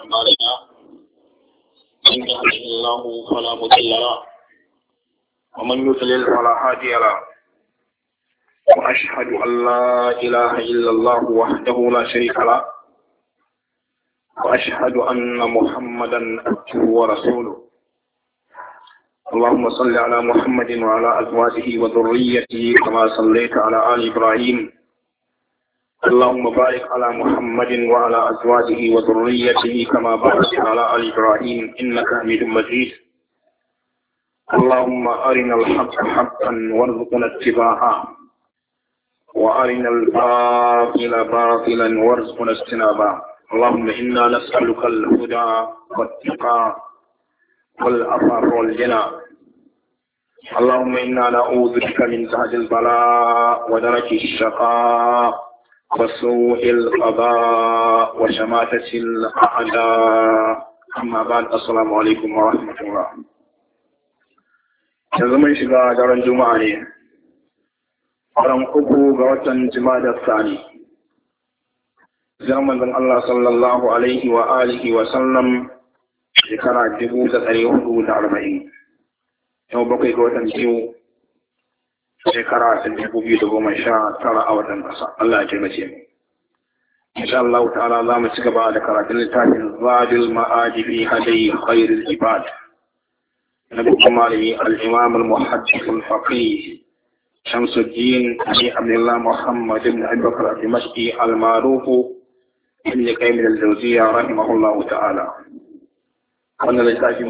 أعمالنا من يهده الله فلا مضل له ومن يضلل فلا هادي له وأشهد أن لا إله إلا الله وحده لا شريك له وأشهد أن محمدا عبده ورسوله اللهم صل على محمد وعلى أزواجه وذريته كما صليت على آل إبراهيم اللهم بارك على محمد وعلى أزواجه وذريته كما باركت على آل إبراهيم إنك حميد مجيد اللهم أرنا الحق حقا وارزقنا اتباعه وأرنا الباطل باطلا وارزقنا اجتنابه اللهم إنا نسألك الهدى والتقى والأثر والجنى اللهم إنا نعوذ بك من زهد البلاء ودرك الشقاء وسوء القضاء وشماتة الأعداء أما بعد السلام عليكم ورحمة الله yanzu mun shiga daren juma'a ne ran uku ga watan jima'a sani zaman dan Allah sallallahu alaihi wa wa sallam shekara dubu da ɗari hudu da arba'in yau bakwai ga watan shekara ta dubu biyu da goma sha tara a watan ƙasa Allah ya taimake mu insha Allah ta'ala za mu ci gaba da karatun littafin zadil ma'ajibi fi hadayi khairul ibad na babban malami al-imam al-muhaddith al-faqih شمس الدين أبي عبد الله محمد بن أبي بكر الدمشقي المعروف ابن قيم الجوزية wannan littafi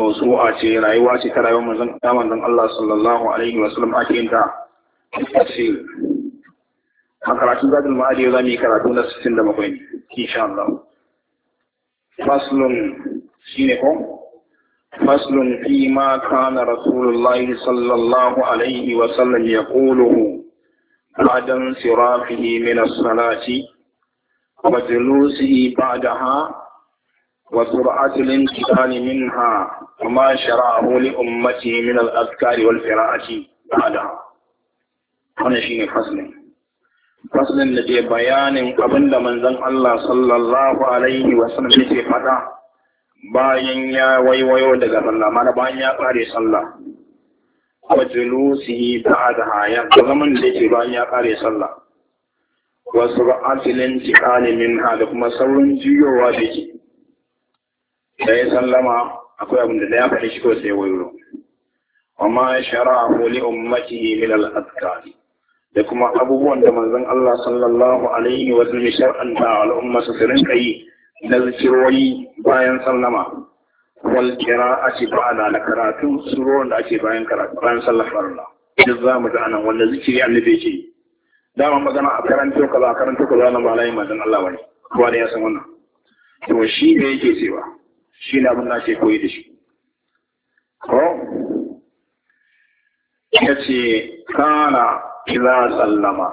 ce rayuwa ce ta rayuwar manzon Allah sallallahu alaihi wa sallam ta ƙarshe makaratun zagin ma'adiyo za mu yi karatu na 67 insha Allah. Faslun shi ne kom? Faslun fi ma kana sallallahu alaihi wa sallam ya ƙoluhu ba'dan sirafihi min as-salati wa julusihi ba'daha wa sur'atul intiqali minha wa ma shara'ahu li ummati min al-adhkari wal qira'ati ba'daha wannan shine fasilin fasilin da ke bayanin abin da manzan Allah sallallahu alaihi wasallam ya ce faɗa bayan ya waiwayo daga sallah mana bayan ya kare sallah wa da ba'daha ya zaman da ke bayan ya kare sallah wa sur'atil intiqali minha da kuma saurin juyowa da ke. da ya sallama akwai abin da ya faɗi shi ko sai wayo amma shara'ahu li ummatihi min al-adkari da kuma abubuwan da manzon Allah sallallahu alaihi wa sallam shar'anta al'umma su rinka yi na zikirwoyi bayan sallama wal qira'ati ba'da da karatu surorin da ake bayan karatu bayan sallar farilla duk za mu ga nan wanda zikiri annabi yake dama magana a karanto kaza a karanto kaza nan ba layin manzon Allah bane kowa da ya san wannan to shi ne yake cewa shi ne abin da ake koyi da shi ko yace kana idza sallama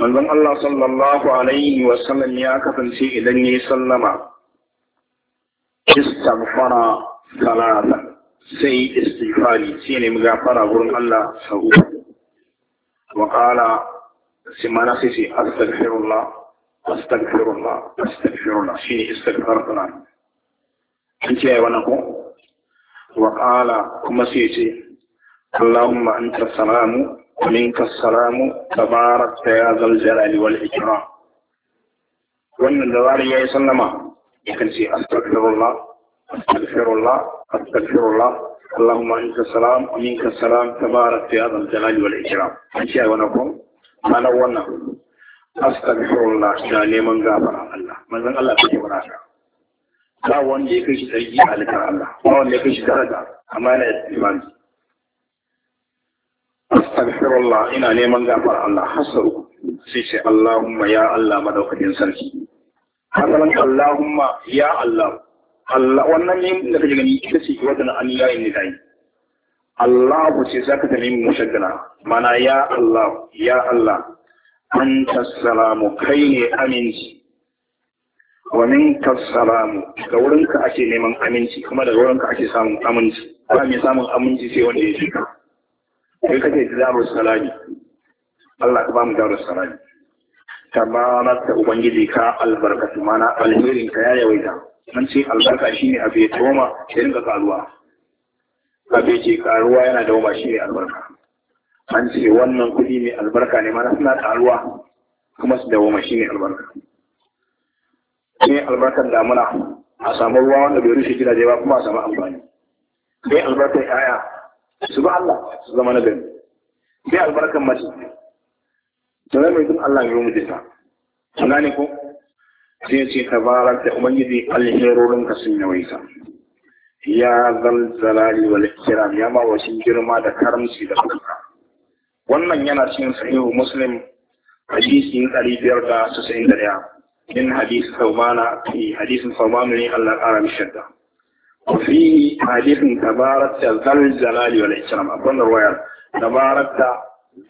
manzon Allah sallallahu alaihi wa sallam ya kasance idan yayi sallama istighfara salatan sai istighfari sai ne gafara gurin Allah sau wa qala simana sai sai astaghfirullah astaghfirullah astaghfirullah shine istighfar kana an ce wannan ko wa qala kuma sai sai. اللهم أنت السلام ومنك السلام تبارك يا ذا الجلال والإكرام وأن الدوار يا سلمى يكن سي أستغفر الله أستغفر الله أستغفر الله اللهم أنت السلام ومنك السلام تبارك يا ذا الجلال والإكرام أشياء ونقوم أنا وأنا أستغفر الله يا لمن غفر الله من الله في ba لا وان يكشف أي tsarki الله Allah ba wanda ya kai astaghfirullah ina neman gafar Allah hasaru sai ce Allahumma ya Allah madaukakin sarki hasalan Allahumma ya Allah Allah wannan ne da kake gani ita ce wajen an ya Allah ce zaka ta nemi mushaddana mana ya Allah ya Allah anta salamu kai ne aminci wa minka salamu wurinka ake kuma daga wurinka ake samun aminci ba mai samun aminci sai wanda ya in ka ce darus salami Allah ka ba mu darus salami tabaraka ubangiji ka albarkatu mana alherin ka ya yawaita an ce albarka shine abu ya toma ya rinka karuwa abu ce karuwa yana da dawoma shine albarka an ce wannan kudi mai albarka ne mana suna karuwa kuma su dawoma shine albarka ne albarkar damuna a samu ruwa wanda bai rushe gidaje ba kuma a samu amfani ne albarkar 'ya'ya su ba Allah su zama na gani sai albarkan mace sanar mai duk Allah yau mutu ta suna ne ko sai ce tabarar da ubangiji alherorin ka sun yawaita ya zalzalali wal ikram ya ma wasin girma da karamci da fuska wannan yana cikin sahihu muslim hadisi ɗari biyar da da ɗaya. min hadisi saumana fi eh, hadisin saumana ne Allah ƙara mishadda وفيه حديث تبارك ذل الجلال والإكرام أبن الرواية تبارك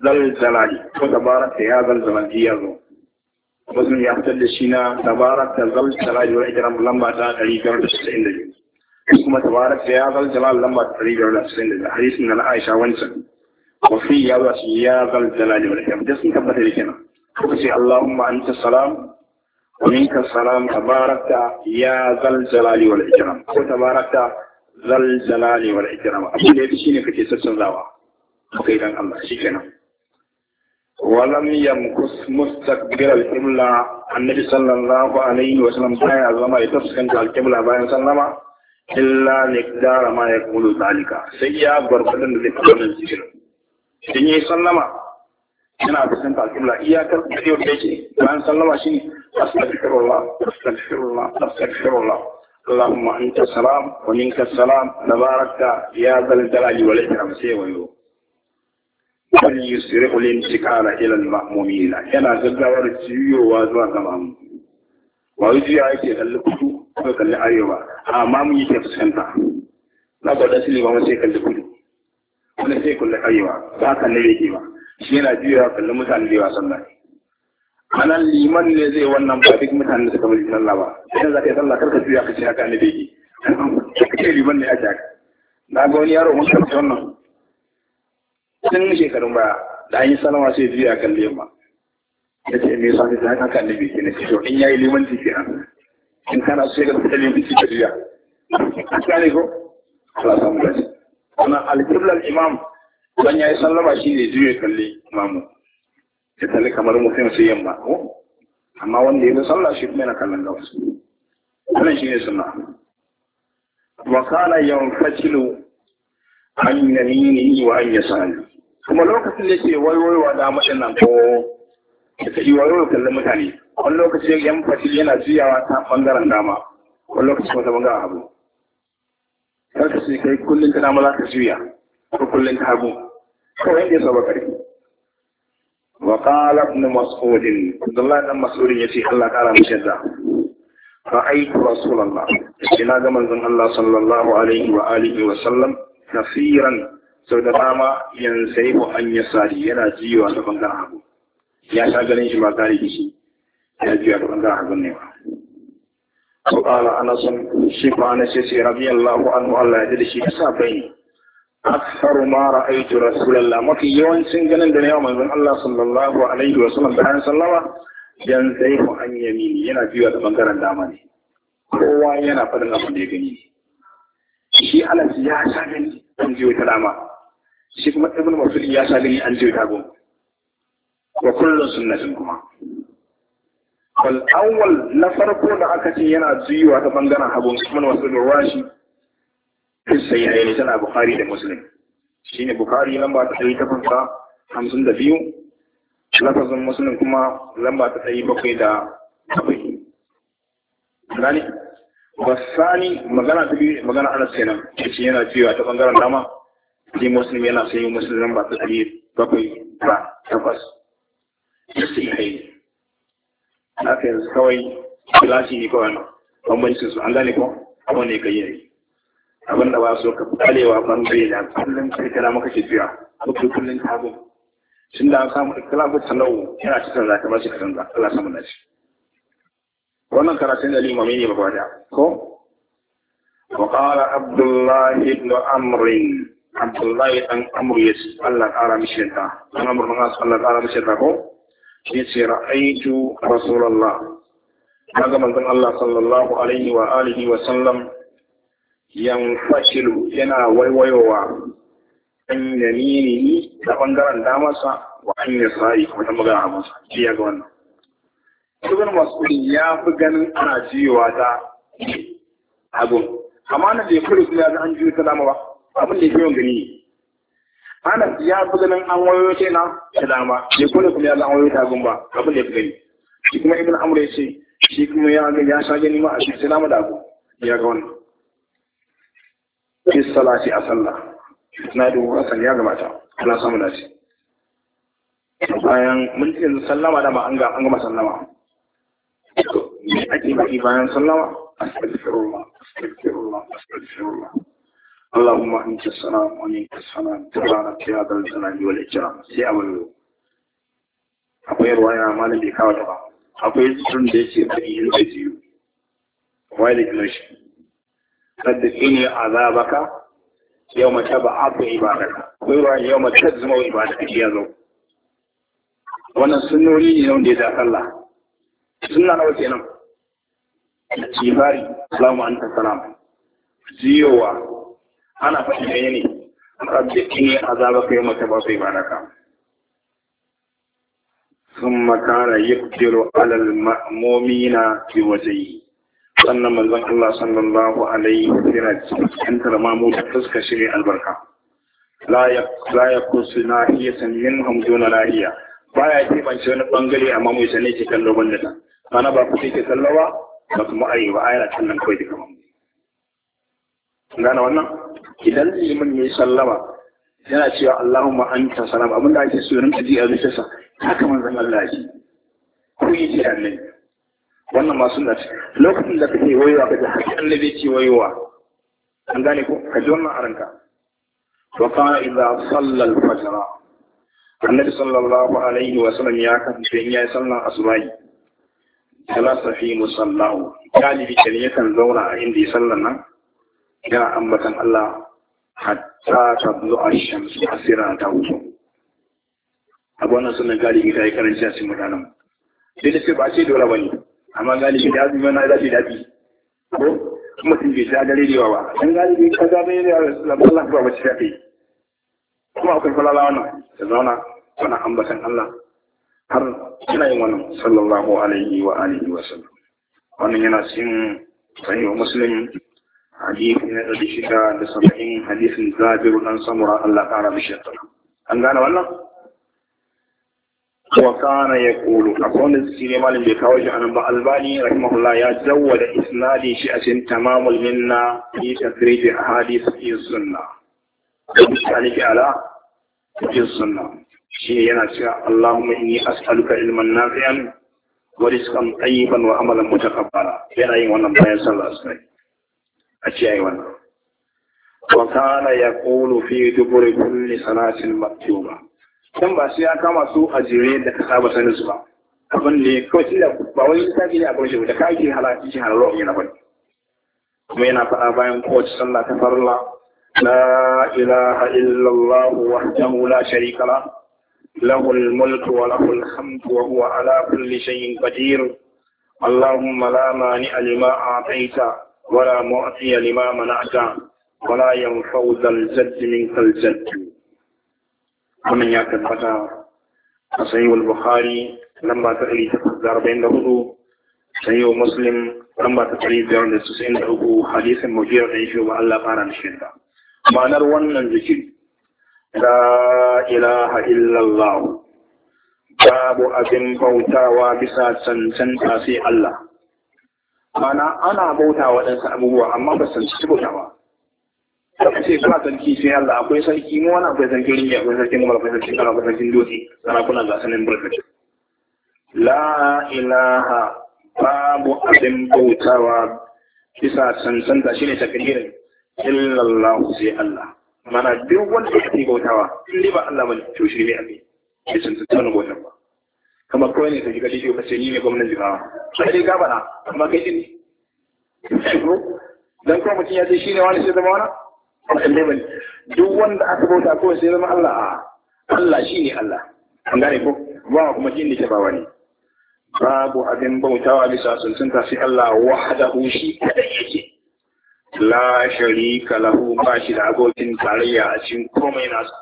ذل الجلال وتبارك يا ذل الجلال يا ذو وزن يحتل الشينا تبارك ذل الجلال والإكرام لما تأتي جرد السعين لجو ثم تبارك يا ذل الجلال لما تأتي جرد السعين لجو حديث من العائشة وانسان وفيه يا ذل الجلال والإكرام جسم تبت لكنا فقسي اللهم أنت السلام ومنك السلام تباركت يا ذا الجلال والإكرام وتباركت ذا الجلال والإكرام أبو ليبي شيني كتي سبسن زاوا وكيدا الله شكرا ولم يمكث مستقبل القبلة النبي صلى الله عليه وسلم بايا زما يتسكن القبلة بايا سلم إلا مقدار ما يقول ذلك سيا غرفتن ذي قبلن ذكر إن يسلم yana fuskantar alƙibla iyakar da yau da yake bayan sallama shi أستغفر الله أستغفر الله أستغفر الله اللهم أنت السلام ومنك السلام تبارك يا ذا الجلال والإكرام سيوي بل يسرع الانتقال إلى المأمومين انا جدور السيو وازوا تمام ويجي عيسى للكتو وكل أيوة أمام يتفسنتا na gwada su limamin sai kalli kudu wani sai kalli arewa ba kan ne yake ba shi yana juyawa kalli mutane da yawa anan liman ne zai wannan ba duk mutanen da suka mai sallah ba idan za ka yi sallah karka juya ka ce haka ne bai ka ce liman ne ake ka na ga wani yaro mun karfi wannan Sun shekarun ba da an yi salama sai juya kan liman ya ce me yasa ta haka ne bai yi ne to in yayi liman ji kenan in kana so ka fita liman ji ka juya ka ne ko Allah samu dace wannan al-qibla al-imam dan yayi sallama shi ne juya kan limamu ya kalli kamar mutum sai yamma ko amma wanda ya sallah shi kuma yana kallon gabas wannan shi ne sunna wa kana yanfacilu an yamini wa an yasani kuma lokacin da yake wayoyowa da nan ko ta yi wayoyo kallon mutane wani lokacin yanfacilu yana juyawa ta bangaren dama wani lokacin wata bangaren abu kar ka sai kai kullum tana maza ka juya ko kullum ta hagu kawai inda ya saba karfi وقال ابن مسعود عبد الله بن مسعود يتي الله تعالى مشهدا رأيت رسول الله إلى من الله صلى الله عليه وآله وسلم كثيرا sau da dama yansai ko an ya sari yana jiwa ta bangaren hagu ya sha ganin shi ba tare da shi ya jiwa ta bangaren hagu ne ba su ƙala shi ba na ce sai da shi ta sa bai ne aksaru ma ra'aytu rasulullah mafi yawancin ganin da na yawa manzon Allah sallallahu alaihi wa sallam da an sallama yan zaifu an yana biyo da bangaren dama ne kowa yana faɗin abin da ya gani shi alas ya sha gani an jiyo ta dama shi kuma ibn masud ya sha gani an jiyo ta goma wa kullun sunnatin kuma wal na farko da aka ce yana jiyowa ta bangaren hagun kuma masud rashi sai ne tana Bukhari da Muslim shine Bukhari lamba ta hamsin da biyu? lafazin Muslim kuma lamba ta 707 gani wasani magana ta biyu magana Anas kenan yace yana cewa ta ɓangaren dama shi Muslim yana sai Muslim lamba ta 707 takwas sai hai haka yanzu kawai kilashi ne kawai nan. Bambancinsu an gane ko abin ne ka yi yayi abin da ba so ka kalewa bangare da kullum sai kana maka ke jiya mutu kullum ka bu shin da samu ikhlafu talawu yana cikin zaka ba shi ka za Allah samu nashi wannan karatun da limami ne ba da ko wa qala abdullah ibn amr abdullah ibn amr yas Allah ƙara mishi ta an amr mun Allah ƙara mishi ta ko yace ra'aytu rasulullah kaga manzon Allah sallallahu alaihi wa alihi wa sallam fashilu yana waiwaiwa an ni ta bangaren damarsa wa an yi sa'i kuma ta magana abinsa shi ya ga wannan ibn mas'ud ya fi ganin ana jiyowa ta hagun amma na ya kuri kuma ya an jiyo ta dama ba abin da ya fi yawan gani ne ana ya fi ganin an wayo ta na ta dama ya kuri kuma ya an wayo ta hagun ba abin da ya fi gani shi kuma ibn amr ya ce shi kuma ya ga ya sha gani ma a shi ta dama da abu ya ga wannan fi salati a sallah na dubu hasan ya gabata ana samu dace bayan mun yanzu sallama da ma an gama sallama me ake baki bayan sallama astaghfirullah astaghfirullah astaghfirullah اللهم انت السلام ومنك السلام تبارك يا ذا الجلال والاكرام سي ابو akwai ruwaya malam bai kawo ta ba akwai sun da yake bari yin zai yi wai da فادعيني عذابك يوم تبعث عبادك ويرى يوم تجمع عبادك يا ذو wannan sunnori ne wanda ya da Allah sunna nawa kenan jibari salamu anta salam ziyowa ana faɗi ne ne rabbi inni azabaka yawma tabasu ibadaka ثم كان يقدر على المأمومين بوجهه sannan manzon Allah sallallahu alaihi yana cikin tarmamu da fuska shi ne albarka la ya la ya kusina hiya sanin hamduna lahiya baya ki ban wani bangare amma mu sane ki kallo banda ta mana ba ku ke kallo ba ba kuma ai ba ayar kallon kawai da kaman gane wannan idan limin ya yi sallama yana cewa Allahumma anta salam abinda ake so rinka ji a zuciyarsa haka manzon Allah ya ce ku yi ji annabi wannan ma sunna ce lokacin da kake wayewa kaje har annabi ce wayewa an gane ko ka ji wannan aranka wa kana idza salla al-fajr annabi sallallahu alaihi wa sallam ya kasance in yayi sallan asubahi salasa fi musallahu galibi kan yakan zauna a inda ya sallan nan ga ambatan Allah hatta tablu ash-shams asira ta wuce abu wannan sunan galibi ta yi karanci a cikin mutanen dai da ce ba ce dole ba ne. amma galibi da azumi na da daɗi ko mutum bai da dare da yawa dan galibi ka ga dai da Allah ba ba shi kai kuma akwai falala wannan da zauna kana ambatan Allah har yana yin wannan sallallahu alaihi wa alihi wa sallam wannan yana cikin sahih muslim hadisi na da shida da saba'in hadisin zabir dan samura Allah ƙara mishi an gane wannan wa kana ya kulu a wanda su ne bai kawo shi anan ba albani rahimahullah ya jawwada isnadin shi a cikin tamamul minna fi tasrif ahadith fi sunna aliki ala fi sunna shi yana cewa Allahumma inni as'aluka ilman nafi'an wa rizqan tayyiban wa amalan mutaqabbala yana yin wannan bayan a ce yayi wannan wa kana yaqulu fi duburi kulli salatin dan ba sai ya kama su a jere da ka saba sanin su ba abin ne kawai tunda ba wani lissafi ne a gurin da ka ake halaki shi halarwa yana bane kuma yana faɗa bayan kowace sallah ta farla لا إله إلا الله وحده لا شريك له له الملك وله الحمد وهو على كل شيء قدير اللهم لا مانع لما أعطيت ولا معطي لما منعت ولا ينفع ذا الجد منك الجد wannan ya tabbata a sayyul Buhari lamba ta ɗari takwas da arba'in da hudu sayyul muslim lamba ta ɗari da sosai uku hadisin mujiyar da yake ba Allah fara da shirka ma'anar wannan zikir la ilaha illallah babu abin bautawa bisa cancanta sai Allah ma'ana ana bauta waɗansu abubuwa amma ba san ci bautawa aka ce ba sarki sai Allah akwai sarki mu wannan akwai sarki rinji akwai sarki mu akwai sarki kana akwai sarki dosi sana kuna ga sanin barkaci la ilaha babu abin bautawa bisa ta shine takdirin illallah sai Allah mana duk wanda ake bautawa in dai ba Allah bane to shi ne abin shi ta ne bautar ba Kama kawai ne ta shiga shi ka ni ne gwamnan jigawa sai dai gabana amma kai ne dan kuma mutum ya ce shi ne wani sai zama wani duk wanda aka bauta ko sai zama Allah a Allah ne Allah an gane ko ba kuma shi ne ke bawa ne babu abin bautawa bisa sunta sai Allah wahdahu shi kadai yake la sharika lahu ba shi da abokin tarayya a cikin komai nasa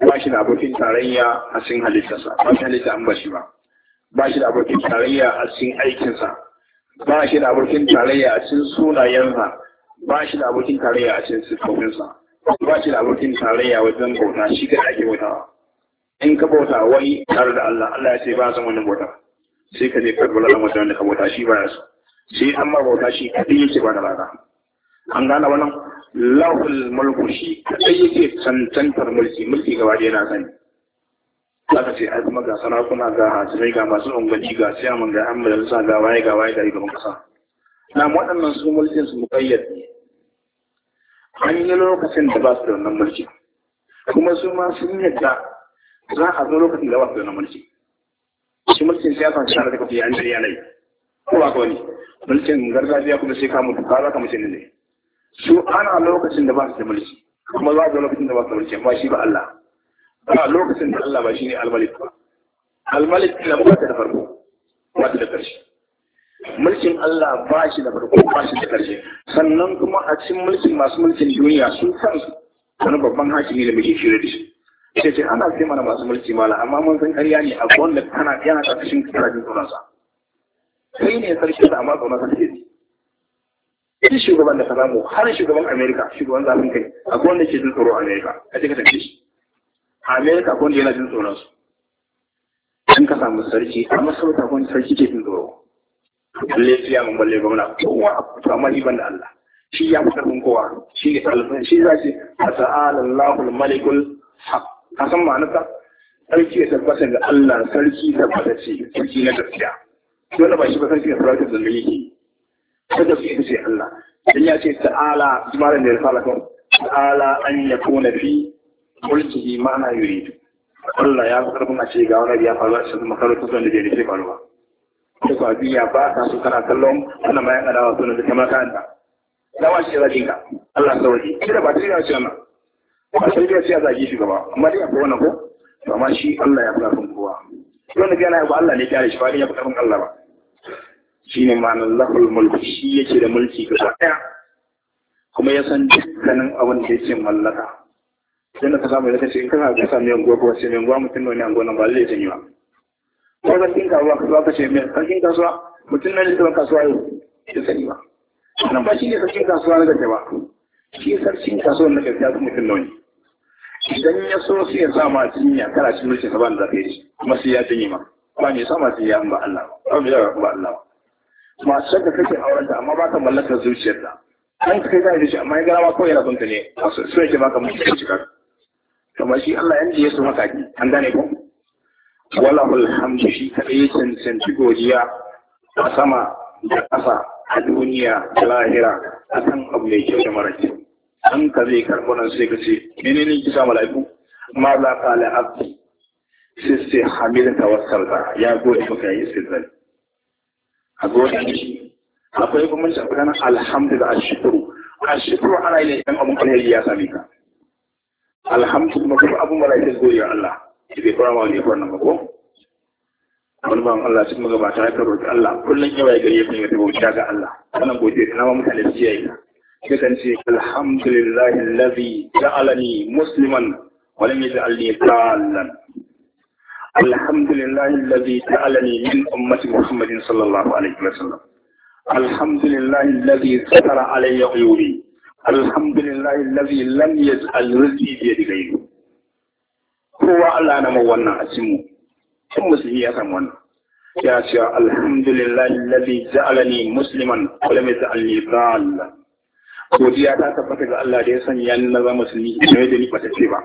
ba shi da abokin tarayya a cikin halittarsa ba shi halitta an ba shi ba ba shi da abokin tarayya a cikin aikinsa ba shi da abokin tarayya a cikin sunayensa ba shi da abokin tarayya a cikin sifofinsa ba shi da abokin tarayya wajen bauta shi kada ake bauta in ka bauta wai tare da Allah Allah ya ce ba san wannan bauta sai ka je ka bauta da mutum da ka bauta shi ba ya so sai an ma bauta shi kadai yake ba da lada an gane wannan lahul mulku shi kadai yake cancantar mulki mulki gaba ɗaya na sani za ka ce ai kuma ga sarakuna ga hasirai ga masu ungaci ga siyaman ga an majalisa ga waye ga waye ga gaban kasa na waɗannan su mulkin su muƙayyad ne an yi lokacin da ba su da wannan mulki kuma su ma sun yadda za a zo lokacin da ba su da wannan mulki shi mulkin siyasa shi da kafa yayin da yanayi ko ba kawai mulkin gargajiya kuma sai ka mutu ka za ka mace ne su ana lokacin da ba su da mulki kuma za a zo lokacin da ba su da mulki amma shi ba Allah ba lokacin da Allah ba shi ne almalik ba almalik na ba ta da farko ba da ƙarshe mulkin Allah ba shi da farko ba shi da ƙarshe sannan kuma a cikin mulkin masu mulkin duniya sun san wani babban hakimi da muke shirye da shi sai ce ana ce mana masu mulki mala amma mun san ƙarya ne a wanda kana yana ƙarƙashin karajin tsoronsa sai ne sarki da amma tsoronsa take ji shi shugaban da ka samu har shugaban Amerika shugaban zafin kai akwai wanda ke jin tsoro Amerika a cikin tafi shi Amerika akwai wanda yana jin su. Sun ka samu sarki amma sauta akwai sarki ke jin tsoro lalle su yamin balle ba gwamna kowa a kusa amma iban da Allah shi ya fi karfin kowa shi ne talafin shi za shi a sa'alan lahul malikul haq ka san ma'anarsa sarki ya tabbata ga Allah sarki tabbata ce sarki na gaskiya dole ba shi ba sarki ya sarauta da yake ta shi ce Allah dan ya ce ta'ala jimalan da ya fara kan ta'ala an ya yakuna fi mulkihi ma'ana yuridu Allah ya karfin a ce ga wani ya faru a cikin makarantar da bai rufe faruwa da biya ba sa su kana kallon wannan bayan adawa sunan da kamar ka anda dawa shi zaki ka Allah sauri da ba tare da shi wannan ba sai dai sai zaki shi gaba amma dai akwai wannan ko amma shi Allah ya fi karfin kowa wanda gana ba Allah ne kare shi ba ya fi karfin Allah ba shine ma'anar lahul mulki shi yake da mulki gaba daya kuma ya san dukkanin abin da yake mallaka sai na ka samu ya kace in kana ka samu yan gobe sai mai gwa mutum ne an gona ba zai yi ba ko zargin kasuwa kasuwa ka ce mai sarkin kasuwa mutum na littafin kasuwa yau ya sani ba wannan ba shi ne sarkin kasuwa na gaske ba shi sarkin kasuwa na gaske ya mutum wani. idan ya so sai ya sama jinya kana cin mulkin sa ba da zaka yi kuma sai ya jinye ma ba mai sama jinya ba Allah ba mai yawa ba Allah ba masu shakka kake auren ta amma ba ka mallakar zuciyar ta an kai ka yi shi amma ya gara ma kawai yana son ta ne so yake baka mutum cika kamar shi Allah yanda ya so maka an gane ko wala alhamdu shi kaɗai ya cancanci godiya a sama da ƙasa a duniya da lahira a kan abu mai kyau da mara kyau an ka zai karɓi nan sai ka ce menene kisa mala'iku ma za ka la abdi sai sai hamil tawassalta ya gode maka yayi sirri a gode shi akwai kuma mun tsakanin alhamdu da ashkuru ashkuru ana yin abun alheri ya sami ka alhamdu kuma kuma abun mala'iku godiya Allah bai fara wani fara nan ko wani ban Allah cikin magabata ya karo da Allah kullum yawa ya gari ya kun yadda bauta ga Allah wannan godiya ta nama mutane su yayi sai kan ce alhamdulillahi allazi ja'alani musliman wa lam yaj'alni dhallan alhamdulillahi allazi ja'alani min ummati muhammadin sallallahu alaihi wa sallam alhamdulillahi allazi satara alayya uyubi alhamdulillahi allazi lam yaj'al rizqi bi yadi ghayri kowa Allah na mai wannan a cikin mu musulmi ya san wannan ya ce alhamdulillahi alladhi ja'alani musliman wa lam yaj'alni dhalla godiya ta tabbata ga Allah da ya sanya ni na zama musulmi ne da ni ba ta ce ba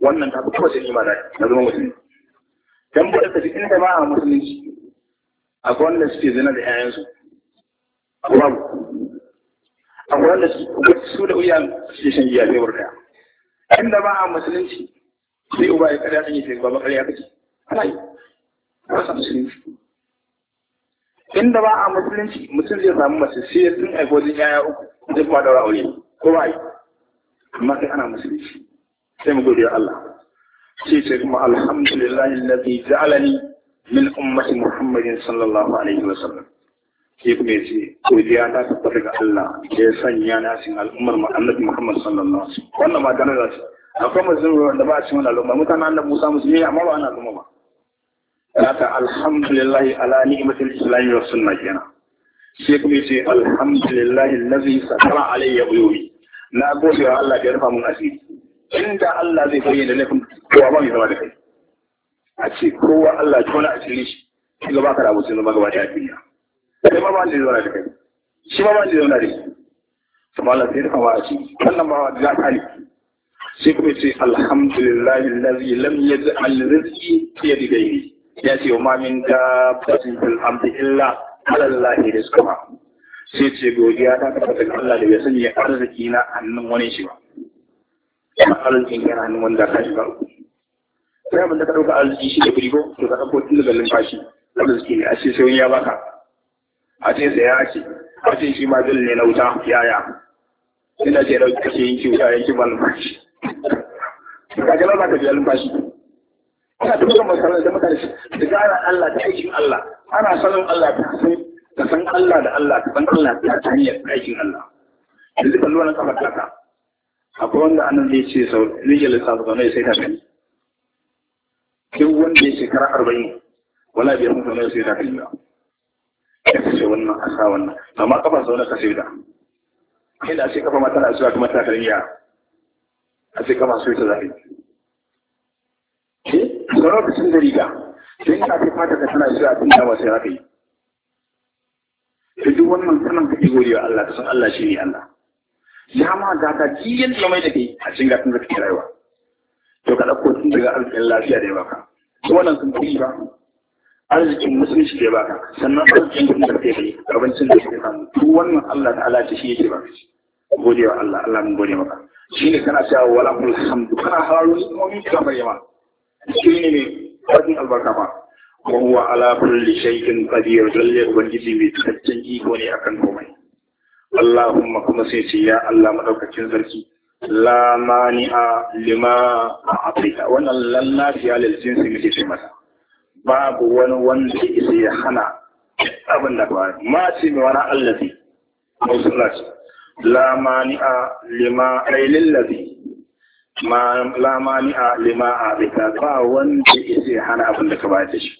wannan ta fi kowace ma da na zama musulmi dan bude ta cikin da ba a musulunci akwai wanda suke zina da ƴaƴansu babu A wanda su da uyan suke shan giya bai ɗaya. inda ba a musulunci sai uba ya kada sanya sai baba kariya kace ana yi ba sa musulunci inda ba a musulunci mutum zai samu masu sai ya sun aiko wajen yaya uku zai kuma daura aure ko ba yi amma sai ana musulunci sai mu gode Allah sai sai kuma alhamdulillahi alladhi za'alani min ummati muhammadin sallallahu alaihi wa sallam sai kuma yace godiya ta tabbata ga Allah da ya sanya nasin al'ummar annabi Muhammad sallallahu alaihi wa sallam wannan magana da su. akwai musulmi wanda ba a cikin al'umma mutanen annabi Musa musulmi amma ba ana al'umma ba haka alhamdulillah ala ni'matil islam wa sunna kenan sai kuma yace alhamdulillah allazi satara alayya uyubi na gode wa Allah da ya rufa mun asiri inda Allah zai bayyana laifin kowa ba mai zama da kai a ce kowa Allah tona a cikin shi shi gaba ka rabu sunan magaba ta duniya kai ma ba zai zauna da kai shi ma ba zai zauna da shi kuma Allah sai rufa ma a ciki wannan ba za ta halitta sai kuma ce alhamdulillah allazi lam yaj'al rizqi fi yadi ghairi ya ce wa min dabbatin fil ardi illa ala allahi sai ce godiya ta tabbata ga Allah da ya sanya arziki na hannun wani shi ba kuma arzikin yana hannun wanda ka kashi ba sai abin da ka ɗauka arziki shi da firigo to ka ɗauko tun daga lumfashi arziki ne a ce sai ya baka a ce sai ya ce a ce shi ma dole ne na wuta yaya ina ce ɗauki kashe yin kiwo yanki kiban lumfashi gaje ba za ka biya lumfashi ana tuka mutane da mutane da gara Allah ta aikin Allah ana sanin Allah ta san ka san Allah da Allah ka san Allah ta hanyar aikin Allah yanzu kan wannan kafa ta akwai wanda anan zai ce sau rike lissafi zaune sai ta gani duk wanda ya shekara arba'in wala biyar mun zaune sai ta gani ba ya ce wannan a sa wannan ma kafa zaune ka sai da kai da ce kafa ma tana zuwa kuma ta gani ya a ce kafa sai ta zafi shiga lokacin da riga sai ina ce fata ka tana shiga tun da wasu haka yi ta duk wannan sanan kake gode wa Allah ta san Allah shi ne Allah ya ma ga ka kiyan da mai da kai a cikin gatun da kake rayuwa to ka dauko tun daga arzikin lafiya da ya baka to wannan sun fi ba arzikin musulunci da ya baka sannan arzikin da kake kai abincin da ya samu duk wannan Allah ta'ala ce shi yake baka gode wa Allah Allah mun gode maka Shi shine kana cewa wala kul hamdu kana harun mu'min kamar yamma shi ne mai ƙarfin albarka ba wa huwa ala kulli shay'in qadir lalle ubangiji mai cikakken iko ne akan komai Allahumma kuma sai ce ya Allah madaukakin sarki la mani'a lima Afirka wannan lallafiya lil jinsi muke ce masa babu wani wanda isa ya hana abin da ba ma ce mai wani allazi musulla ce la mani'a lima ailin lazi ma la a lima a'tika ba wanda ya ce hana abin da ka ba da shi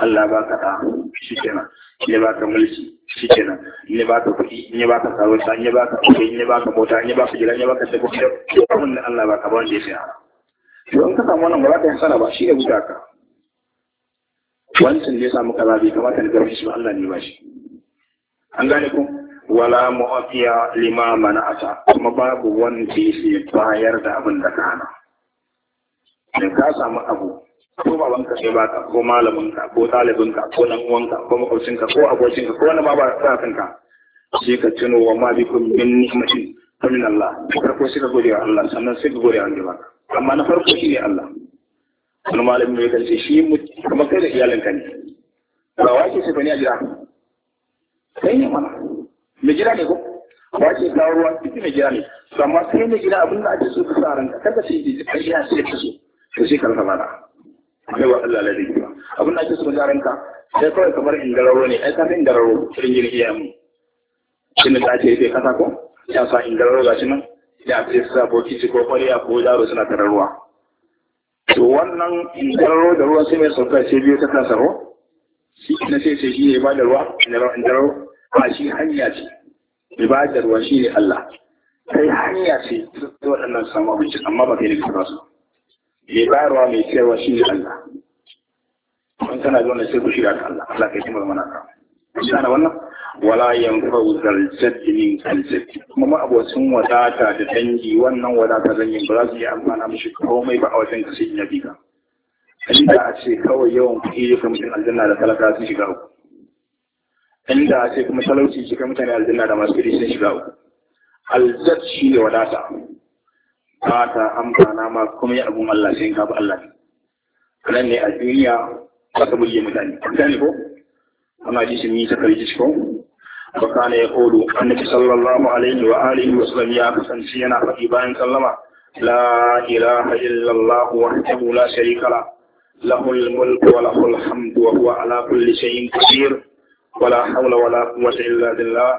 Allah ba ka da shi kenan ne ba ka mulki shi kenan ne ba ka kuɗi ne ba ka sa ne ba ka kuɗi ne ba ka mota ne ba ka gida ne ba ka tafi da abin da Allah ba ka ba wanda ce hana to in ka samu wannan ba za ka yi sana ba shi ya buga ka wancan ne ya samu kaza bai kamata ne garfi shi Allah ne ba shi an gane ku wala mu'afiya lima mana'ata kuma babu wanda yake bayar da abin da ka hana in ka samu abu ko baban ka, sai baka ko ka, ko ɗalibinka ko dan uwanka ko ka, ko ka, ko wani ma ba sa ka sai ka tuno wa ma bikum min ni'matin min Allah farko sai ka gode wa Allah sannan sai ka gode wa Allah amma na farko shi ne Allah wani malamin mai kace shi kuma kai da iyalinka ne ba wa ke sai ka ne a jira? kai ne mana mai gida ne ko ba ke kawo ruwa cikin mai gida ne to amma sai mai gida abin da ake so ka sa ranka kada sai ji kai ya sai ka so to sai ka zama da kai wa Allah la dai abin da ake so ka ranka sai kawai kamar ingararo ne ai kafin ingararo irin yin iya mu shin da ake yi kasa ko ya sa ga shi nan ya fi sa bokiti ko kwariya ko daro suna tarar ruwa to wannan ingararo da ruwan sai mai sauka sai biyu ta kansa ko shi ne sai sai shi ne ba da ruwa ingararo ba shi hanya ce Ibadarwa shi ne Allah kai hanya ce da waɗannan samu abinci amma ba kai da ba su ibarwa mai cewa shi ne Allah in tana zuwa sai ku shirya ta Allah Allah kai kuma mana ka sana wannan wala yanfa'u zaljaddi min zaljaddi kuma ma abocin wadata da dangi wannan wadata dangin ba za su yi amfana mishi komai ba a wajen ka sai ya bi ka a ce kawai yawan kuɗi ya mutum aljanna da talaka sun shiga uku inda sai kuma talauci shi kan mutane aljanna da masu iri sun shiga uku aljat shi ne wadata ba ta amfana ma kuma ya abun Allah sai ka bi Allah ne nan ne a duniya ba ta bulle mutane mutane ko ana ji shi ni ta kalli shi ko fakana ya kodo annabi sallallahu alaihi wa alihi wa sallam ya kasance yana faɗi bayan sallama la ilaha illallah wahdahu la sharika la له الملك وله الحمد وهو على كل شيء قدير ولا حول ولا قوة إلا بالله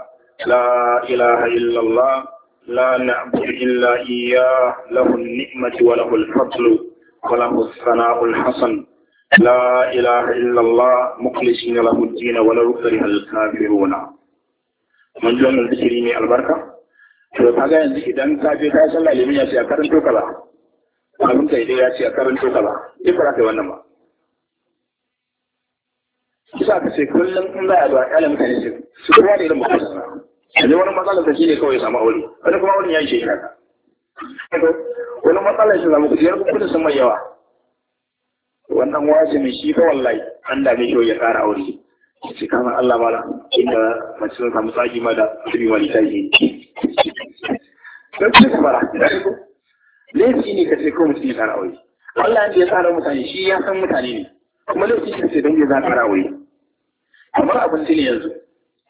لا إله إلا الله لا نعبد إلا إياه له النعمة وله الفضل وله الثناء الحسن لا إله إلا الله مخلصين له الدين ولو كره الكافرون من جون البشرين البركة to kaga yanzu idan ka je ka sallah limin ya ce a karanto kaza abin Kisa ka ce kullum in za a zuwa ƙyala mutane ce su kuma da irin bukatar sa yanzu wani matsalar sa shine kawai ya samu aure wani kuma wani ya yi shekara wani matsalar shi samu kujerar kuɗin sun mai yawa wannan mai shi fa wallahi an dame shi ya ƙara aure ce kama Allah ma mala inda mace sun samu tsaki ma da tumi wani tashi don su kamara laifi ne ka ce kawai mutum ya ƙara aure Allah ya tsara mutane shi ya san mutane ne kuma laifi ne ka ce don ya za ƙara aure kamar abinci ne yanzu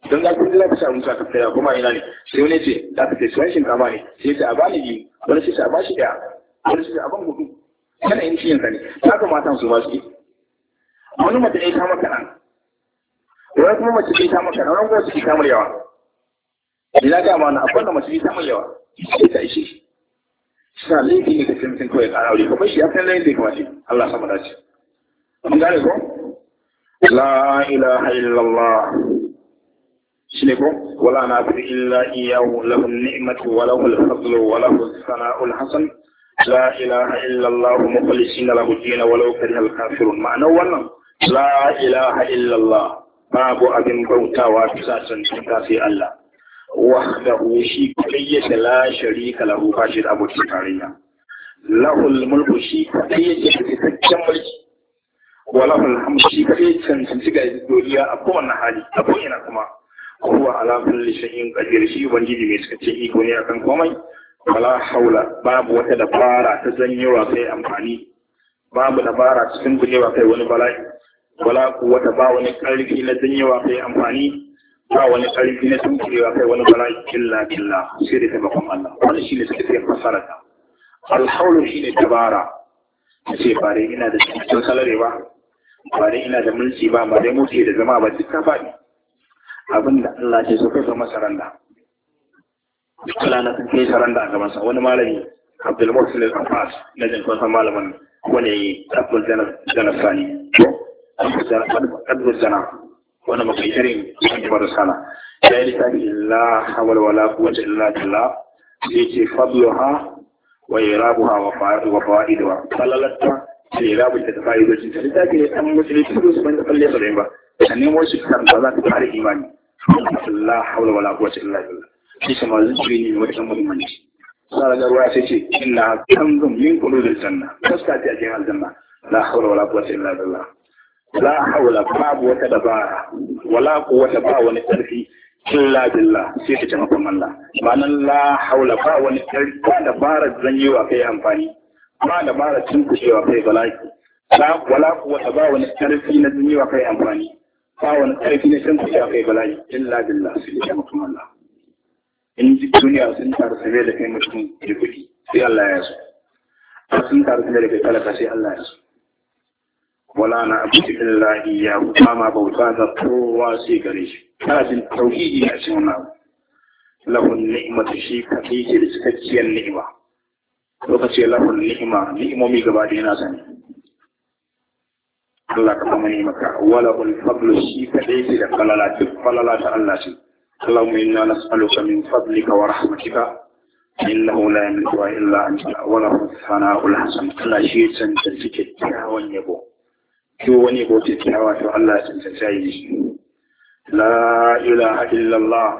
don za ku ji za ku samu sa kafaya kuma ina ne sai wani ce za ka kai sai shinkafa ne sai ta, a bani biyu wani sai "Ba shi ɗaya." wani sai a ban hudu kana yin ciyin ka ne ta matan su ba su wani mace ne ta maka nan wani kuma mace ne ta maka nan wani kuma ciki ta yawa ina ga ma na akwai da mace ne ta yawa sai ta ishe shi. sa laifi ne ka cin kawai ka aure kuma shi ya san laifin da ya kamata Allah sama dace. Mun gane ko? la ilaha illallah shine ko wala na fi illa iyyahu lahu ni'matu wa lahu wa lahu as-sana'u al-hasan la ilaha illallah mukhlisina lahu din wa law wannan babu abin bautawa bisa san sai Allah wahdahu shi kai yake la sharika lahu shi da abokin tarayya shi wala alhamdu shi kadai cancanci ga doriya a kowane hali a ko'ina kuma Kowa ala kulli shay'in qadir shi ubangiji mai cikakken iko ne akan komai wala haula babu wata dabara ta janyewa kai amfani babu dabara cikin gujewa kai wani bala'i wala kuwata ba wani karfi na janyewa kai amfani ba wani karfi na tunkurewa kai wani bala'i killa- killa sai da taimakon Allah Wani shine suke fiye fasara ta alhaulu shine dabara ce bare ina da cikin salarewa ba dai ina da mulki ba ba dai mutu da zama ba duka ba faɗi abin da Allah ce su kai fa masaranda duk na sun kai saranda a masa wani malami Abdul Muhsin Al-Abbas na jin kun malamin wani Abdul Janar Sani Abdul Janar wani mafaitarin wani marasala ya yi lissafi illa hawal wala kuwata illa billah sai ce fadluha wa irabuha wa fa'iduha falalatta ne babu ita ta fa'idoci ta littafi ne ɗan musulunci ko su banta tsalle tsalle ba a nemo shi kan ba za ta fara imani Allah haula wala quwwata illa billah shi kuma zikiri ne wata muhimmanci sai ga ruwa sai ce inna kanzum min qulul janna kaska ta cikin aljanna la haula wala quwwata illa billah la haula babu wata dabara wala quwwata ba wani ƙarfi illa billah sai ta ce maka Allah ma'anan la haula ba wani ƙarfi ba zan yi wa kai amfani ba mara cin kushewa kai bala'i wala kuwa ba wani karfi na duniya kai amfani ba wani karfi na cin kushewa kai bala'i illa billah sai ya mutum Allah in ji duniya sun taru same da kai mutum da kuɗi sai Allah ya so a sun taru same da kai talaka sai Allah ya so wala na abu illa iya ba ma bauta ga kowa sai gare shi kana jin tauhidi a cikin wannan lahun ni'matu shi kake da cikakkiyar ni'ima lokaci lafin ni'ima ni'imomi gaba da yana sani Allah ka kama ni maka wala ul fadlu shi kadai ce da falala ce falala ta Allah ce Allahumma inna nas'aluka min fadlika wa rahmatika innahu la yamliku illa anta wa lahu sana'ul hasan Allah shi ya cancanci kyakkyawan yabo ko wani ko kyakkyawa to Allah ya cancanci yi la ilaha illallah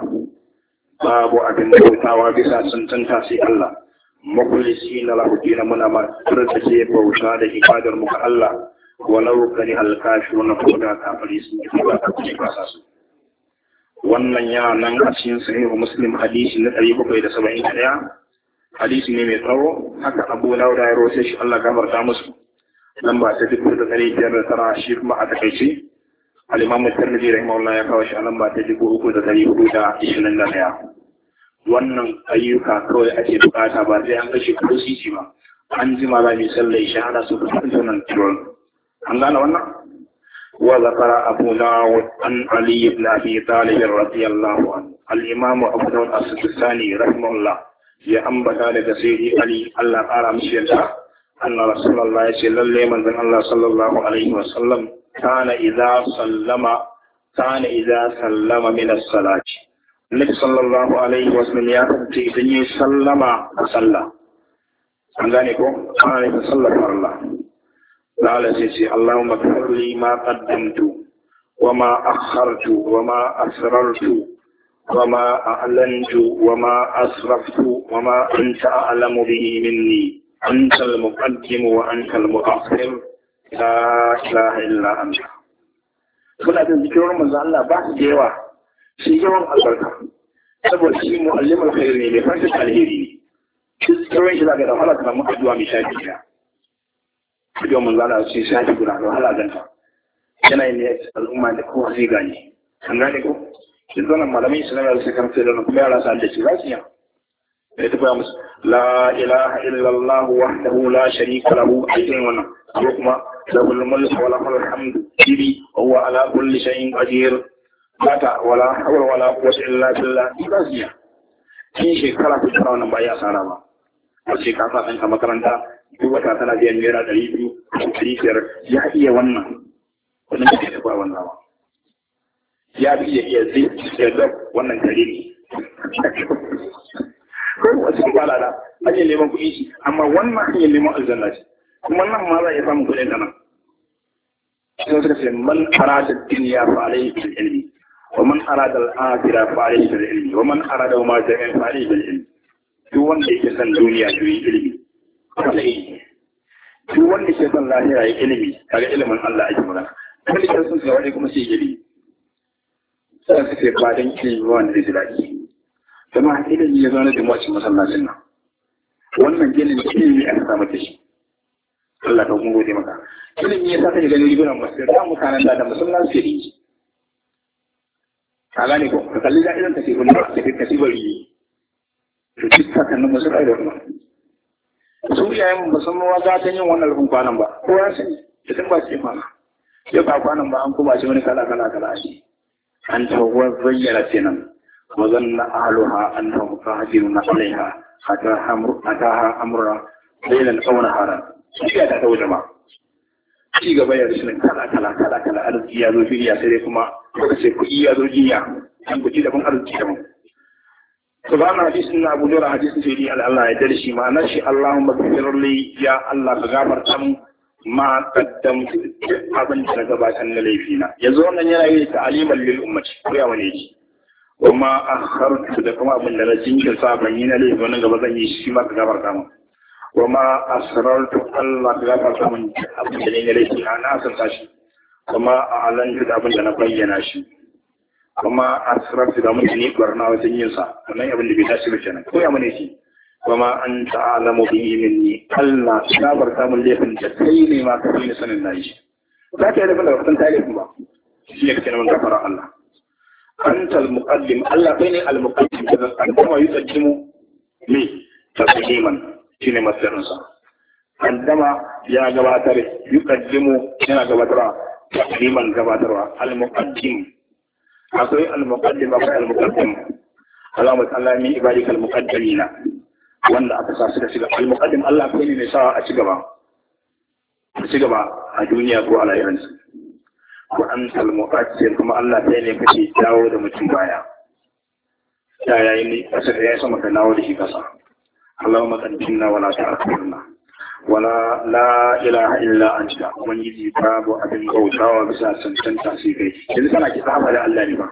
babu abin bautawa bisa cancanta sai Allah makulisi na lahudi na muna masu ce bauta da ibadar muka Allah walau kani alkashi wani koda kafari sun yi ba ta kuma ba sa su wannan yana nan a cikin sahihu muslim hadisi na ɗari bakwai da saba'in da ɗaya hadisi ne mai tsawo haka abu na da ya rose shi Allah gafarta musu lamba ta dubu da ɗari biyar da tara shi kuma a takaice al-imamu tirmidhi rahimahullah ya kawo shi a lamba ta dubu uku da ɗari hudu da ishirin da ɗaya wannan ayyuka kawai ake bukata ba sai an kashe ko sisi ba an jima za mu sallai shahada su fahimta nan turon an gane wannan wa zakara abu dawud an ali ibn abi talib radiyallahu anhu al imam abu dawud as-sistani rahimahullah ya ambata daga sayyidi ali Allah kara mishi yarda anna rasulullah ya ce lalle manzon Allah sallallahu alaihi wa sallam kana idza sallama kana idza sallama min as-salati Annabi sallallahu alaihi wasallam ya kace idan yi sallama salla. sallah an gane ko ana nufin sallar Allah la'ala sai ce Allahumma kulli ma qaddamtu wa ma akhartu wa ma asrartu wa ma a'lantu wa ma asraftu wa ma anta a'lamu bihi minni anta al-muqaddim wa anta al-mu'akhir la ilaha illa anta kuna da zikirin manzo Allah ba su da yawa shi yawan albarka saboda shi mu'allimul khair ne mai farka alheri ne duk yawan shi zaka da wahala ka samu addu'a mai shafi ɗaya yau mun zana shi shafi guda da wahala ganta yana yin al'umma da kowa zai gane an gane ko duk wannan malamai su nana su karfe da kuma yara sa da shi za su yi da ta koya musu la ilaha illallah wahdahu la sharika lahu ayyun wannan amma kuma lahul mulku wa lahul hamdu bibi wa huwa ala kulli shay'in qadir bata wala hawla wala wasu illa billah ibasiya kin shekara ku tsara wannan ba ya sara ba wace ka sa ɗanka makaranta duk wata tana biyan naira ɗari biyu ɗari biyar ya iya wannan wannan da ba wannan ba ya bi ya iya zai ya dab wannan kare ne ko wasu ba da ake neman kuɗi ce amma wannan hanyar neman aljanna ce kuma nan ma za a iya samun kuɗin da nan sai suka ce man da duniya fa alaihi bil ilmi ومن أراد الآخرة فعليه بالعلم ومن أراد وما زمن فعليه بالعلم duk wanda yake son duniya to yi ilimi da ilimi duk wanda yake son lahira ya ilimi daga ilimin Allah ake magana wanda yake son gaba kuma sai ilimi sai su ce ba dan ilimi ba wanda zai dace kuma ilimi ya zauna da mutum masallacin nan wannan ginin ilimi aka samu ta shi Allah ka kuma gode maka ilimi ya sa ka ganin rigunan masu a mutanen da da musulman su yi ka ne ko ka kalli da idan take kuma da take kasi bari yi. to shi ta kan nan musu da kuma. su ya yi ba san mawa za ta yin wannan rufin kwanan ba ko ya sani da tun ba su ma Yau ba kwanan ba an kuma ce wani kala kala kala shi an tawwa zayyara ce nan wa zanna na annahu qadirun alayha hatta hamru ataha amra laylan aw nahara shi ya ta tawo jama'a ci gaba yanzu ne kala kala kala kala arziki ya zo jiya, sai dai kuma kuka ce kuɗi ya zo jiya, an kuɗi daban arziki daban subhana hadisin na abu dora hadisin sai dai Allah ya dare shi ma'anar shi Allah Allahumma ghfirli ya Allah ka gafarta mu ma qaddamtu abin da gabatar na na yanzu wannan yana yi ta'aliman lil ummati ko ya wane shi kuma harkar da kuma abin da na jinkirta ban yi na laifi wani gaba zan yi shi ma ka gafarta mu a ma asrartu Allah ya fasa mun abin da ne rashi na san tashi kuma a alan da abin da na bayyana shi kuma asrartu da mun ne barna wajen yin sa wannan abin da bai tashi ba kenan ko ya mune shi kuma an ta'alamu bihi minni Allah ya barta mun laifin da kai ne ma ka yi sanin nayi shi za ka yi laifin da ba san talifin ba shi ne kake nan gafara Allah anta al-muqaddim Allah kai ne al-muqaddim da an kuma yi tsakkimu me tasliman shine ne sa qaddama ya gabatar yuqaddimu yana gabatarwa taqdiman gabatarwa al muqaddim akwai al muqaddim akwai al muqaddim Allahumma salli ala ibadika al muqaddimina wanda aka sa su da shiga al muqaddim Allah kai ne mai sa a ci gaba a ci gaba a duniya ko a lahiransu ko an salmu ake kuma Allah sai ne kake dawo da mutum baya ya yayi ne kasa da ya sama ka dawo da shi kasa اللهم قدمنا ولا تأخرنا wala la ilaha illa anta ubangiji babu abin bautawa bisa cancanta sai kai yanzu kana ki saba da Allah ne ba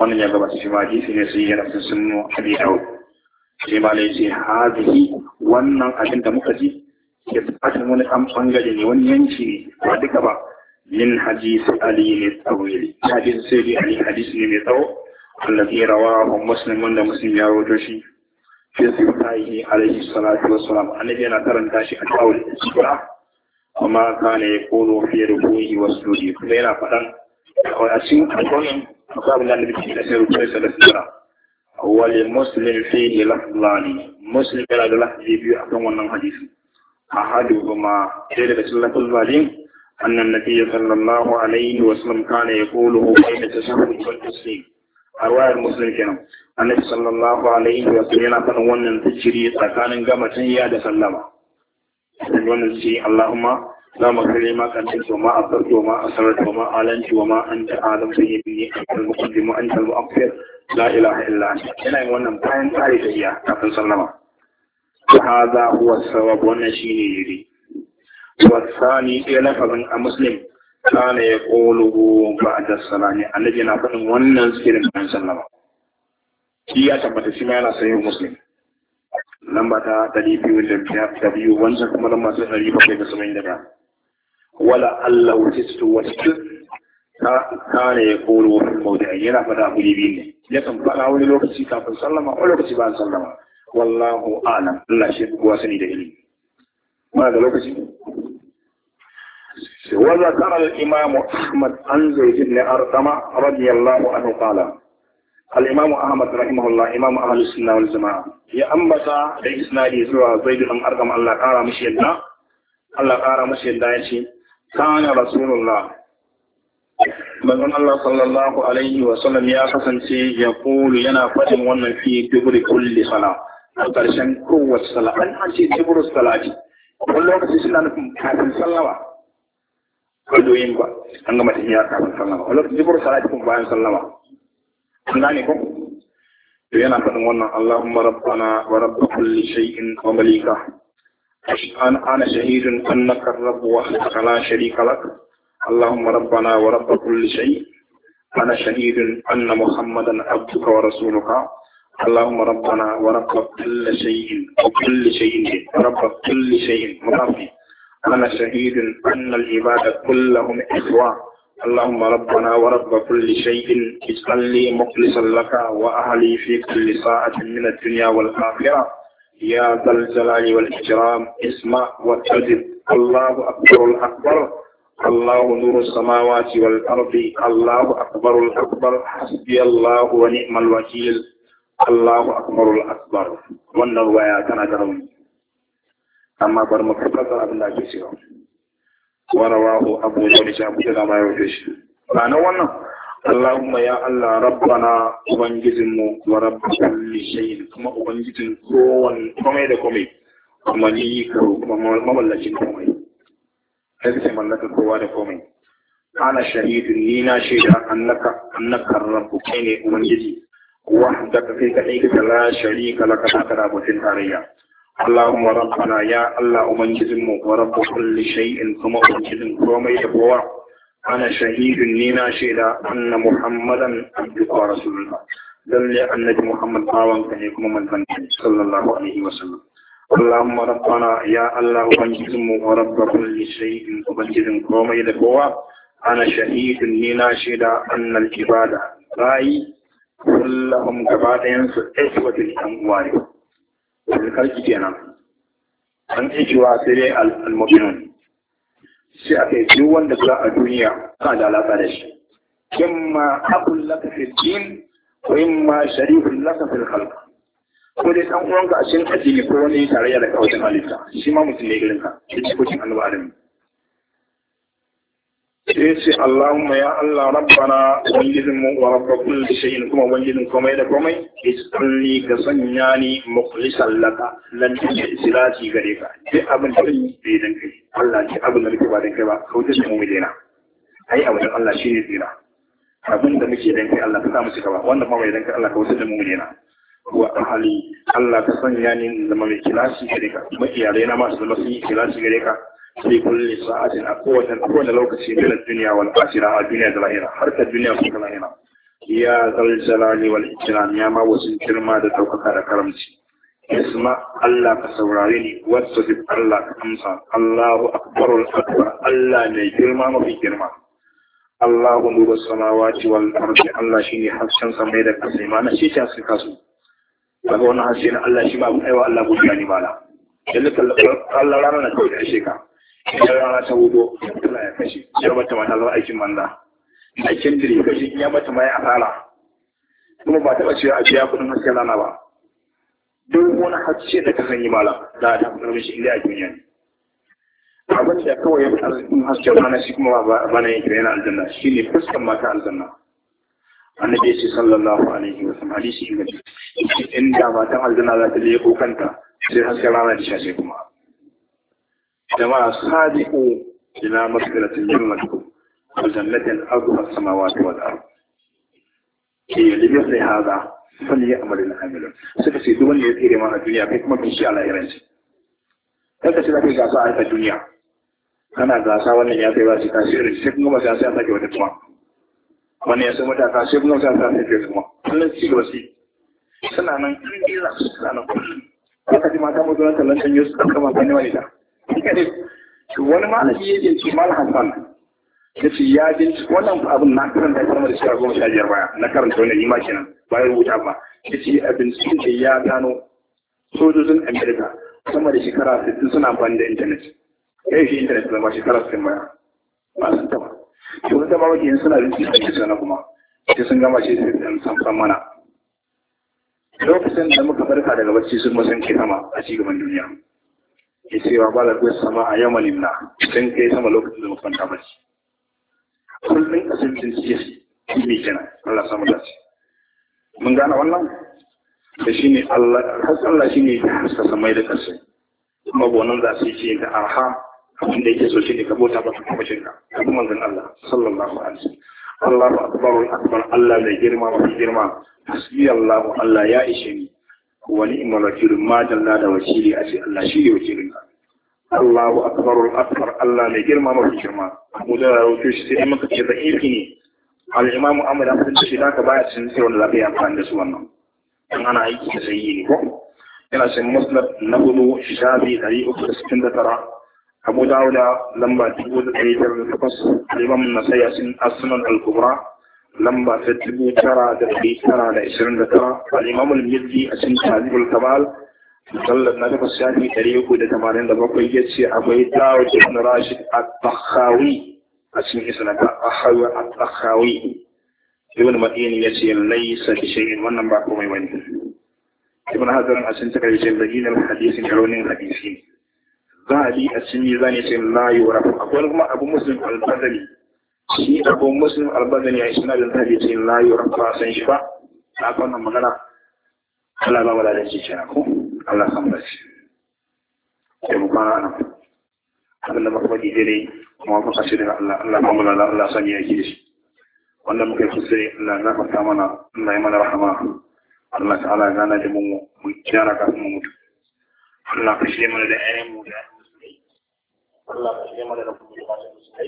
wannan ya gabata shi ma hadisi ne sai yana cikin sunnu abi daud sai ma lai hadisi wannan abin da muka ji ya tsaka wani dan bangare ne wani yanci ne ba duka ba min hadisi ali ne tsawo hadisi sai ali hadisi ne mai tsawo الذي رواه مسلم وند مسلم يا وجوشي في صحيحه عليه الصلاة والسلام النبي أنا ترى تاشي أقول الصلاة وما كان يقول في ركوعه وسجوده كما يلا فلان وأسين أقول أقول أن النبي صلى الله عليه وسلم ولمسلم فيه لفظان مسلم لا لفظ يبيع أكون من حديث أحدهما إلى رسول الله أن النبي صلى الله عليه وسلم كان يقوله بين التشهد والتسليم a wayar musulun kenan annabi sallallahu alaihi wa sallam yana faɗin wannan zikiri tsakanin gama tayya da sallama dan wannan shi Allahumma la maghfir ma qaddamtu wa ma akhartu wa ma asrartu wa ma alantu wa ma anta alam bi bi antal muqaddim wa antal mu'akhir la ilaha illa anta yana yin wannan bayan tsari tayya kafin sallama هذا هو الثواب والنشين يري والثاني إلى لفظ مسلم kana ya qulu ba'da salami annabi na faɗin wannan sirrin bayan sallama shi ya tabbata shi ma yana sayin muslim lamba ta ɗari biyu da ta biyu wancan kuma lamba ta ɗari bakwai da sama da daga. wala Allah wuce su wata ta kana ya koro ba mawda yana faɗa abu ne biyu ne ya san faɗa wani lokaci kafin sallama wani lokaci bayan sallama wallahu alam Allah shi kuwa sani da ilimi muna da lokaci وذكر الإمام أحمد عن زيد بن أرقم رضي الله عنه قال الإمام أحمد رحمه الله إمام أهل السنة والجماعة يا أنبتا لإسنادي زوى زيد بن أرقم الله قال مشيدا الله قال مشيدا كان رسول الله manzon Allah sallallahu alaihi wa sallam ya kasance ya kulu yana faɗin wannan fi dubri kulli sala a ƙarshen kowace sala an ce dubru salati wani lokaci suna nufin kafin sallama kalloyin ba an gama tafiya kafin sallama wala jibur salatikum bayan sallama an gane ko to yana faɗin wannan Allahumma rabbana wa rabb kulli shay'in wa malika an ana shahidun annaka rabb wa anta la sharika lak Allahumma rabbana wa rabb kulli shay' ana shahidun anna muhammadan abduka wa rasuluka اللهم ربنا ورب كل شيء وكل شيء كل شيء أنا شهيد أن العباد كلهم إخوة اللهم ربنا ورب كل شيء اجعل لي مخلصا لك وأهلي في كل ساعة من الدنيا والآخرة يا ذا الجلال والإكرام اسمع واتجب الله أكبر الأكبر الله نور السماوات والأرض الله أكبر الأكبر حسبي الله ونعم الوكيل الله أكبر الأكبر يا أنا amma bar mu karɓar da abin da ake cewa wa rawahu abu dawud shi abu da ma yau shi ba na wannan Allahumma ya Allah rabbana ubangijin mu wa rabbu kulli shay'in kuma ubangijin kowanne komai da komai kuma ni ka kuma mamallakin komai kai sai mallaka kowa da komai ana shahidun ni na shaida annaka annaka rabbu kai ne ubangiji wahdaka kai kadai ka la sharika laka ta rabu tarayya Allahumma rabbana ya Allah ubangijin mu wa rabbu kulli shay'in kuma ubangijin komai da kowa ana shahidun ni na shaida anna muhammadan abduhu wa rasulullah dan ne annabi muhammad bawan ka ne kuma manzon sallallahu alaihi wa sallam Allahumma rabbana ya Allah ubangijin mu wa rabbu kulli shay'in ubangijin komai da kowa ana shahidun ni na shaida annal ibada bai kullahum gabadayansu aswatul amwali alkalki kenan an ce cewa sai dai almu'minun sai a kai duk wanda za a duniya ka da alaka da shi imma akul laka fil din wa imma sharifun laka fil khalq ko dai dan uwanka a cikin addini ko wani tarayya da kawatin halitta shi ma mutum ne irin ka shi ko cin annabi sai ce Allahumma ya Allah rabbana wangijin mu wa rabba kulli shay'in kuma wangijin komai da komai istalli ka sanya ni mukhlisan laka lan tunja islati gare ka duk abin da yi bai dan kai Allah ki abin da nake ba dan kai ba kauce da mu dena ai a wajen Allah shine tsira abin da muke dan kai Allah ka sa mu cika ba wanda ma bai dan kai Allah kauce da mu dena wa ahli Allah ka sanya ni zama mai kilashi gare ka ma iyalai na ma su zama su yi kilashi gare ka fi kulli sa'atin a kowace kowane lokaci min ad-dunya wal akhirah a duniya da lahira har ta duniya su ta lahira ya zal jalali wal ikram ya ma wasu girma da daukaka da karamci isma Allah ka saurare ni wasu bi Allah ka amsa Allahu akbar akbar Allah mai girma mafi girma Allahu nuru samawati wal ardi Allah shine hasken samai da kasai ma na shi ta suka su daga wannan hasken Allah shi ba mu aiwa Allah godiya ne bala yanzu Allah ranar da kawai da shekara idan rana ta wudo Allah ya kashe ya bata ma ta zama aikin banza aikin ya kashe ya bata ma ya asara kuma ba taɓa cewa a biya kuɗin hasken rana ba duk wani hasken da ka yi mala za a fi ƙarfin shi inda a duniya ne abin da kawai ya fi arzikin hasken rana shi kuma ba na yankin yana aljanna shi ne fuskan mata aljanna annabi ce sallallahu alaihi wa sallam hadisi inda inda matan aljanna za ta leko kanta sai hasken rana ta shashe kuma jama'a sadiqu ila masgaratin jannatikum wal jannatin arduha as-samawati wal ard ke libya sai hada fali ya amara na amilun suka ce duk wanda ya tsere ma a duniya kai kuma bin shi a lahiranci kai ka ce za ka yi gasa a duniya kana gasa wannan ya kai ba shi tashi irin sai kuma ba sai a sake wata kuma wannan ya sai mata ka sai kuma sai a sake kuma Wannan shi gaba shi suna nan kullum suna nan kullum ka ji mata mutuwar talantan yusuf kan kama wani ita wani malami ya ce mal hasan ya ce ya ji wannan abin na karanta sama da shekara goma sha biyar baya na karanta wannan ima kenan bayan rubuta ba ya ce abin sun ce ya gano sojojin amerika sama da shekara sittin suna amfani da intanet ya yi shi intanet zama shekara sittin baya ba sun taba shi wani taba wajen suna bin cikin cikin sana kuma shi sun gama shi sun samsan mana lokacin da muka farka daga bacci sun masan sama a cigaban duniya ya ce ba da kuwa sama a yamma limna sun kai sama lokacin da mukwanta ba shi kullum cin siyasi shi ne kenan Allah samu dace mun gane wannan da shi ne Allah Allah shi ne haska samai da ƙarshe kuma bonan za su yi da arha abin da yake so shi ne ka bota ba kuma Ka kuma manzon Allah sallallahu alaihi wasallam Allahu akbar akbar Allah mai girma mafi girma hasbi Allah Allah ya ishe ni wani imar wakilin majalla da wakili a ce Allah shi ne wakilin ka Allahu akbar akbar Allah mai girma mafi girma mu da rawaito shi sai muka ce zaifi ne al-imamu Ahmad Abdul Bashir da ka baya cin sai wanda zaka yi amfani da wannan in ana aiki da sayyi ne ko yana cin na hudu shafi 369 Abu Dawud lamba lamba ta dubu tara da ɗari tara da ishirin da tara al'imamul mirdi a cin tajibul kamal musallar na takwas shafi ɗari uku da tamanin da bakwai ya ce akwai dawo da ibn rashid at-takhawi a cikin isnata ahawi at-takhawi ibn madini ya ce laisa bi shirin wannan ba komai bane ibn hazarin a cikin takaice da ginin hadisin raunin hadisi Za a bi a cikin zane ce la yurafu akwai kuma abu muslim al shi abu muslim albadan ya isna da zabi sai la yura ba san shi ba na wannan magana ba da shi Allah san ba shi nan abin da kuma Allah ba Allah san ya shi muka yi kusuri Allah mana Allah mana rahama Allah gana da mu mu kyara mu mutu Allah ka shirya mana da ayyan mu da Allah ka mana da kuma da